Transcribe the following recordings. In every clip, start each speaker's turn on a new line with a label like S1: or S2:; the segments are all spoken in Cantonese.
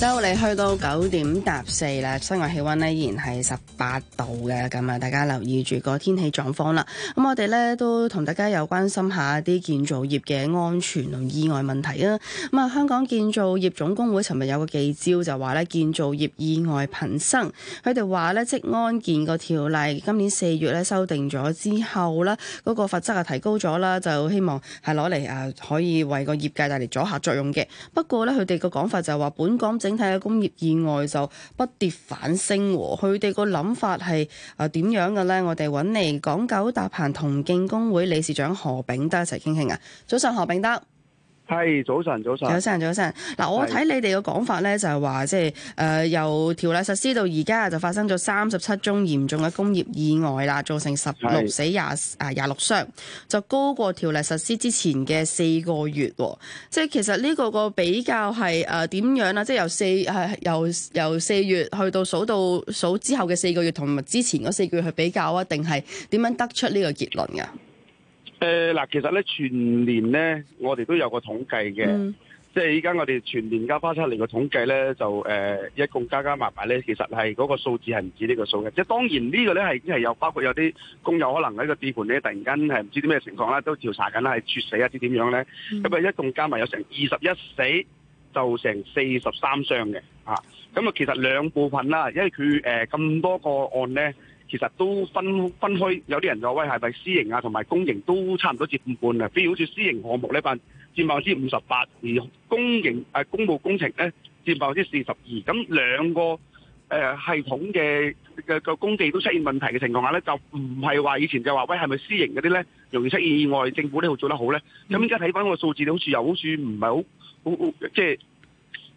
S1: 就你去到九點搭四啦，室外氣溫咧依然係十八度嘅，咁啊大家留意住個天氣狀況啦。咁我哋咧都同大家有關心下啲建造業嘅安全同意外問題啊。咁啊，香港建造業總工會尋日有個記招就話咧，建造業意外頻生。佢哋話咧，職安健個條例今年四月咧修訂咗之後啦，嗰個罰則啊提高咗啦，就希望係攞嚟啊可以為個業界帶嚟阻嚇作用嘅。不過咧，佢哋個講法就話本港整體嘅工業意外就不跌反升，佢哋個諗法係啊點樣嘅呢？我哋揾嚟港九搭棚同敬工會理事長何炳德一齊傾傾啊！早上何炳德。
S2: 係，早晨，早晨，
S1: 早晨，早晨。嗱，我睇你哋嘅講法咧，是就係話，即係誒由條例實施到而家就發生咗三十七宗嚴重嘅工業意外啦，造成十六死廿啊廿六傷，就高過條例實施之前嘅四個月。即、哦、係其實呢個個比較係誒點樣啊？即係由四誒、呃、由由四月去到數到數之後嘅四個月同埋之前嗰四個月去比較啊，定係點樣得出呢個結論㗎？
S2: 誒嗱、呃，其實咧，全年咧，我哋都有個統計嘅，嗯、即係依家我哋全年加翻出嚟個統計咧，就誒一共加加埋埋咧，其實係嗰個數字係唔止呢個數嘅，即係當然呢個咧係已經係有包括有啲工友可能喺個地盤咧，突然間係唔知啲咩情況啦，都調查緊啦，係猝死一啲點樣咧？咁啊，一共加埋有成二十一死，就成四十三傷嘅，吓咁啊，其實兩部分啦，因為佢誒咁多個案咧。其實都分分開，有啲人就話喂，係咪私營啊，同埋公營都差唔多接五半啊？比如好似私營項目呢份佔百分之五十八，而公營、呃、公務工程咧佔百分之四十二。咁兩個、呃、系統嘅嘅、呃、工地都出現問題嘅情況下咧，就唔係話以前就話喂，係咪私營嗰啲咧容易出現意外，政府呢度做得好咧？咁依家睇翻個數字，好似又好似唔係好好即係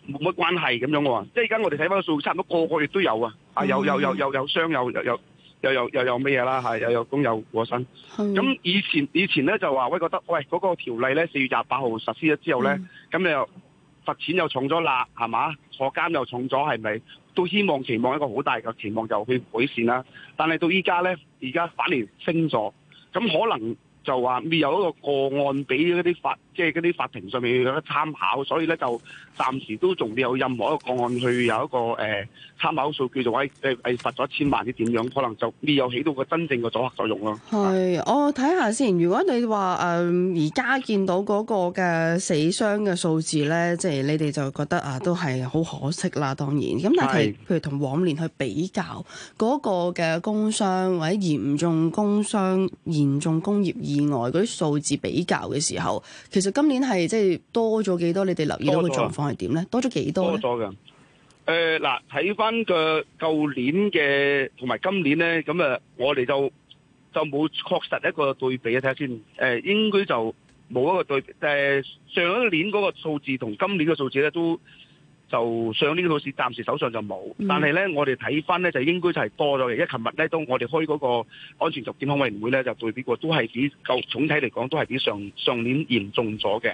S2: 冇乜關係咁樣喎、啊。即係而家我哋睇翻個數字，差唔多個個月都有啊，啊有有有有有傷有有有。有有有有有又有又有乜嘢啦，又有工友過身。咁是的 以前以前咧就話喂，覺得喂嗰、嗰個條例咧四月廿八號實施咗之後咧，咁你的、嗯、又罰錢又重咗啦，係嘛？坐監又重咗，係咪？都希望期望一個好大嘅期望，就去改善啦、啊。但係到依家咧，而家反而升咗，咁可能就話未有一個個案俾啲法即係嗰啲法庭上面去參考，所以咧就暫時都仲未有任何一個個案去有一個誒參考數叫做喺誒誒罰咗千萬啲點樣可能就未有起到個真正嘅阻嚇作用咯。
S1: 係我睇下先。如果你話誒而家見到嗰個嘅死傷嘅數字咧，即係你哋就覺得啊，都係好可惜啦。當然，咁但係是譬如同往年去比較嗰個嘅工傷或者嚴重工傷嚴重工業意外嗰啲數字比較嘅時候，其其實今年係即係多咗幾多？你哋留意到個狀況係點咧？多咗幾多？多咗嘅。
S2: 誒嗱，睇翻個舊年嘅同埋今年咧，咁啊，我哋就就冇確實一個對比啊。睇下先。誒，應該就冇一個對比。誒，上一年嗰個數字同今年嘅數字咧都。就上年嘅好事，暫時手上就冇。嗯、但係咧，我哋睇翻咧，就應該就係多咗嘅。因為琴日咧，都我哋開嗰個安全局健康委員會咧，就對比過，都係比就總體嚟講，都係比上上年嚴重咗嘅。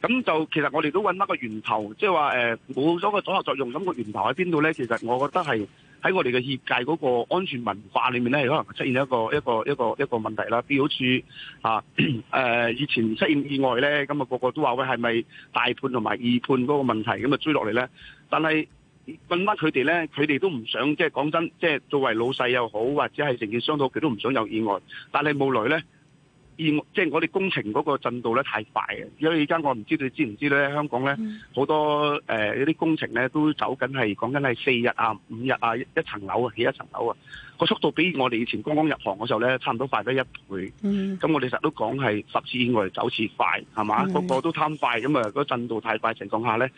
S2: 咁就其實我哋都搵翻個源頭，即係話誒冇咗個阻嚇作用，咁、個源頭喺邊度咧？其實我覺得係。喺我哋嘅業界嗰個安全文化裏面咧，可能出現一個一個一個一個問題啦。譬如好似誒，以前出現意外咧，咁啊，個個都話喂，係咪大判同埋二判嗰個問題咁啊，追落嚟咧。但係問返佢哋咧？佢哋都唔想即係講真，即係作為老細又好，或者係承建商討，佢都唔想有意外。但係後來咧。依即係我哋工程嗰個進度咧太快嘅，因為而家我唔知你知唔知咧，香港咧好、mm. 多誒、呃、一啲工程咧都走緊係講緊係四日啊、五日啊一,一層樓啊起一層樓啊，個速度比我哋以前剛剛入行嗰時候咧差唔多快咗一倍。咁、mm. 我哋實都講係十次意外走次快，係嘛？Mm. 個個都貪快，咁啊個進度太快情況下咧。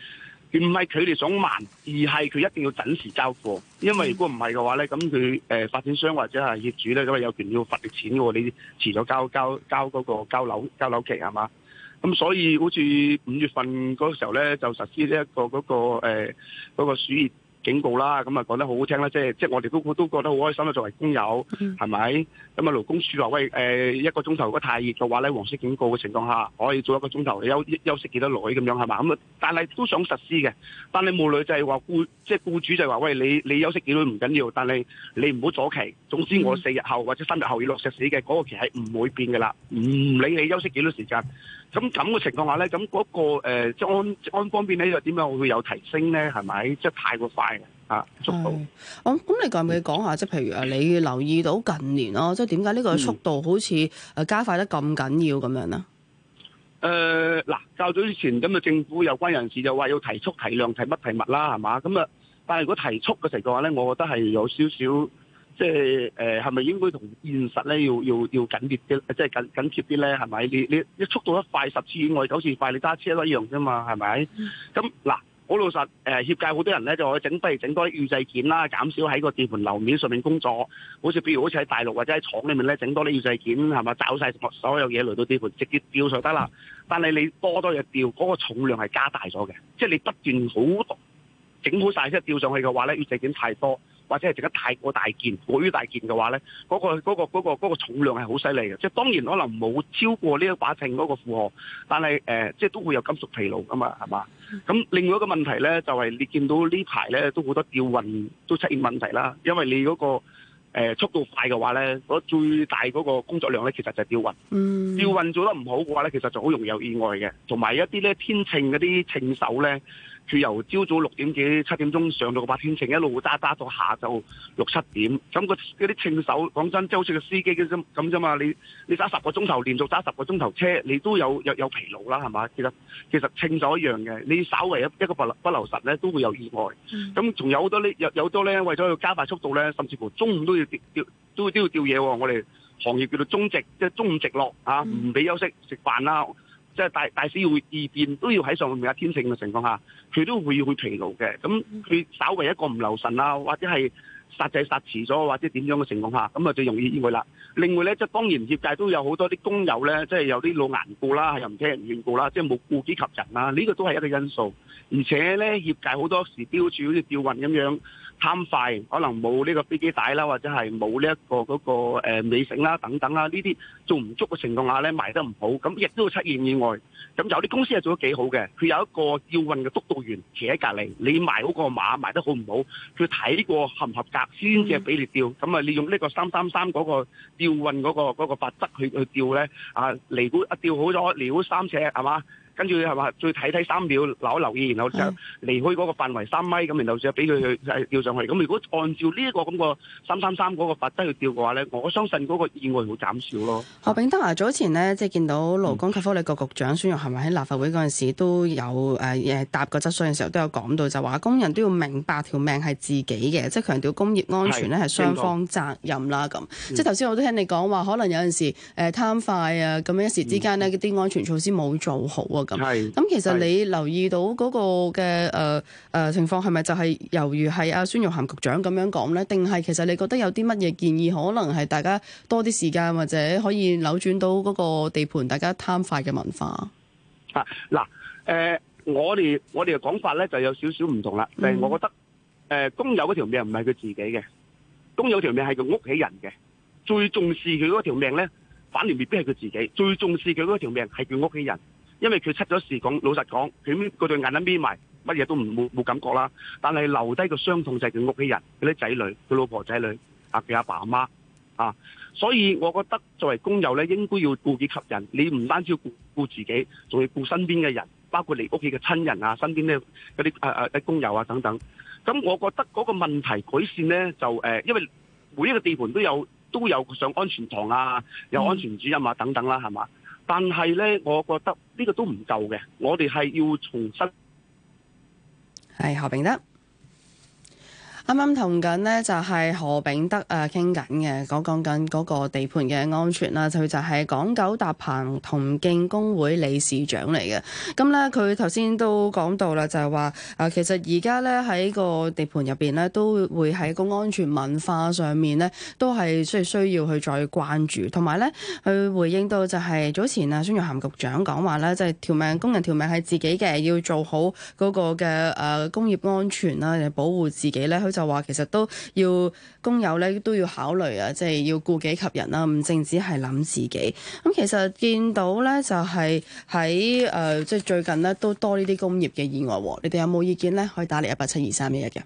S2: 佢唔係佢哋想慢，而係佢一定要準時交貨，因為如果唔係嘅話咧，咁佢誒發展商或者係業主咧，咁啊有權要罰你錢喎，你遲咗交交交嗰個交樓交樓期係嘛？咁所以好似五月份嗰時候咧，就實施呢一個嗰個誒嗰個、那個警告啦，咁啊講得好好聽啦，即係即係我哋都都覺得好開心啦，作為工友係咪？咁啊勞工署話喂，誒、呃、一個鐘頭如果太熱嘅話咧，黃色警告嘅情況下，可以做一個鐘頭，休休息幾多耐咁樣係嘛？咁啊，但係都想實施嘅，但係無論就係話僱即係僱主就係話喂，你你休息幾耐唔緊要，但係你唔好阻期。總之我四日後或者三日後要落實死嘅，嗰個期係唔會變噶啦，唔理你休息幾多時間。咁咁嘅情況下咧，咁嗰、那個誒、呃、即係安安方面咧又點樣會有提升咧？係咪即係太過快？
S1: 啊，速度！咁，嗯、你咁咪講下，即係譬如啊，你留意到近年咯，即係點解呢個速度好似誒加快得咁緊要咁樣咧？
S2: 誒、嗯、嗱、呃，較早之前咁啊，政府有關人士就話要提速提量提乜提物啦，係嘛？咁啊，但係如果提速嘅情況下咧，我覺得係有少少，即係誒，係咪應該同現實咧要要要緊貼啲，即係緊緊貼啲咧？係咪？你你你速度一快十次以外九次快，你揸車都一樣啫嘛？係咪？咁嗱、嗯。好老實，誒協界好多人咧，就可以整不如整多啲預製件啦，減少喺個地盤樓面上面工作。好似譬如好似喺大陸或者喺廠裏面咧，整多啲預製件，係咪？找晒所有嘢嚟到地盤，直接吊上得啦。但係你多多嘢吊，嗰個重量係加大咗嘅，即係你不斷好整好晒，一吊上去嘅話咧，預製件太多。或者係整得太過大件、過於大件嘅話咧，嗰、嗰個嗰、嗰個嗰個嗰個重量係好犀利嘅。即係當然可能冇超過呢一把秤嗰個負荷，但係誒、呃，即係都會有金屬疲勞㗎嘛，係嘛？咁另外一個問題咧，就係、係、你見到呢排咧都好多吊運都出現問題啦，因為你嗰、嗰個、呃、速度快嘅話咧，最大嗰個工作量咧，其實就係吊運。嗯、吊運做得唔好嘅話咧，其實就好容易有意外嘅。同埋一啲咧天秤嗰啲秤手咧，佢由朝早六點幾七點鐘上到八天秤，一路揸揸到下晝六七點。咁嗰啲秤手講真，即係好似個司機咁咁啫嘛。你你揸十個鐘頭，連續揸十個鐘頭車，你都有有有疲勞啦，係嘛？其實其實秤手一樣嘅，你稍微一一個不留不留神咧，都會有意外。咁仲有好多，多呢，有有多咧，為咗要加快速度咧，甚至乎中午都要吊都要都要都要吊嘢喎，哦。我哋行業叫做中直，即係中午直落嚇，啊，唔俾休息食飯啦。即係大大市會變變，都要喺上面有天性嘅情況下，佢都會要去疲勞嘅。咁佢稍為一個唔留神啊，或者係殺製殺遲咗，或者點樣嘅情況下，咁啊最容易意外啦。另外咧，即係當然業界都有好多啲工友咧，即係有啲老頑固啦，又唔聽人勸告啦，即係冇顧己及人啦、啊。呢個都係一個因素。而且咧，業界好多時標注好似吊運咁樣。貪快可能冇呢個飛機帶啦，或者係冇呢一個嗰個誒尾繩啦，等等啦，呢啲做唔足嘅情況下咧，賣得唔好，咁亦都會出現意外。咁有啲公司係做得幾好嘅，佢有一個吊運嘅督導員企喺隔籬，你賣嗰個馬賣得好唔好，佢睇過合唔合格先至俾你吊。咁啊，利用呢個三三三嗰個吊運嗰個嗰個法則去去吊咧啊，嚟好啊吊好咗了三尺係嘛？跟住係嘛，再睇睇三秒，留一留意，然後就離開嗰個範圍三米咁，是然後就俾佢去吊上去。咁如果按照呢、這、一個咁個三三三嗰個法則去吊嘅話咧，我相信嗰個意外會減少咯。
S1: 何炳德啊，是早前呢，即係見到勞工及福利局局長孫、嗯、玉菡喺立法會嗰陣時都有誒誒、呃、答過質詢嘅時候都有講到，就話工人都要明白條命係自己嘅，即係強調工業安全咧係雙方責任啦。咁即係頭先我都聽你講話，可能有陣時誒貪、呃、快啊，咁一時之間呢啲安全措施冇做好啊。咁，咁係其實你留意到嗰個嘅誒誒情況係咪就係，猶如係阿孫玉菡局長咁樣講咧？定係其實你覺得有啲乜嘢建議，可能係大家多啲時間，或者可以扭轉到嗰個地盤，大家貪快嘅文化
S2: 啊？嗱，誒，我哋我哋嘅講法咧就有少少唔同啦。但、嗯、我覺得，誒、呃，工友條命唔係佢自己嘅，工友條命係佢屋企人嘅，最重視佢嗰條命咧，反而未必係佢自己，最重視佢嗰條命係佢屋企人。因為佢出咗事，講老實講，佢嗰對眼啊，眯埋，乜嘢都唔冇冇感覺啦。但係留低個傷痛就係佢屋企人，佢啲仔女，佢老婆仔女啊，佢阿爸阿媽啊。所以我覺得作為工友咧，應該要顧己及人，你唔單止要顧顧自己，仲要顧身邊嘅人，包括你屋企嘅親人啊，身邊咧嗰啲工友啊等等。咁我覺得嗰個問題改善咧，就誒、呃，因為每一個地盤都有都有上安全堂啊，有安全主任啊、嗯、等等啦，係嘛。但係咧，我覺得呢個都唔夠嘅，我哋係要重新
S1: 係何炳德。啱啱同緊呢，就係何炳德誒傾緊嘅，講講緊嗰個地盤嘅安全啦。佢就係港九搭棚同敬工會理事長嚟嘅。咁、嗯就是、呢，佢頭先都講到啦，就係話其實而家呢，喺個地盤入邊呢，都會喺個安全文化上面呢，都係需需要去再關注，同埋呢，佢回應到就係早前啊孫玉菡局長講話呢，就係、是、條命工人條命係自己嘅，要做好嗰個嘅誒工業安全啦，嚟保護自己呢就話其實都要工友咧都要考慮啊，即係要顧己及人啦，唔淨止係諗自己。咁其實見到咧就係喺誒，即係最近咧都多呢啲工業嘅意外。你哋有冇意見咧？可以打嚟一八七二三一一嘅。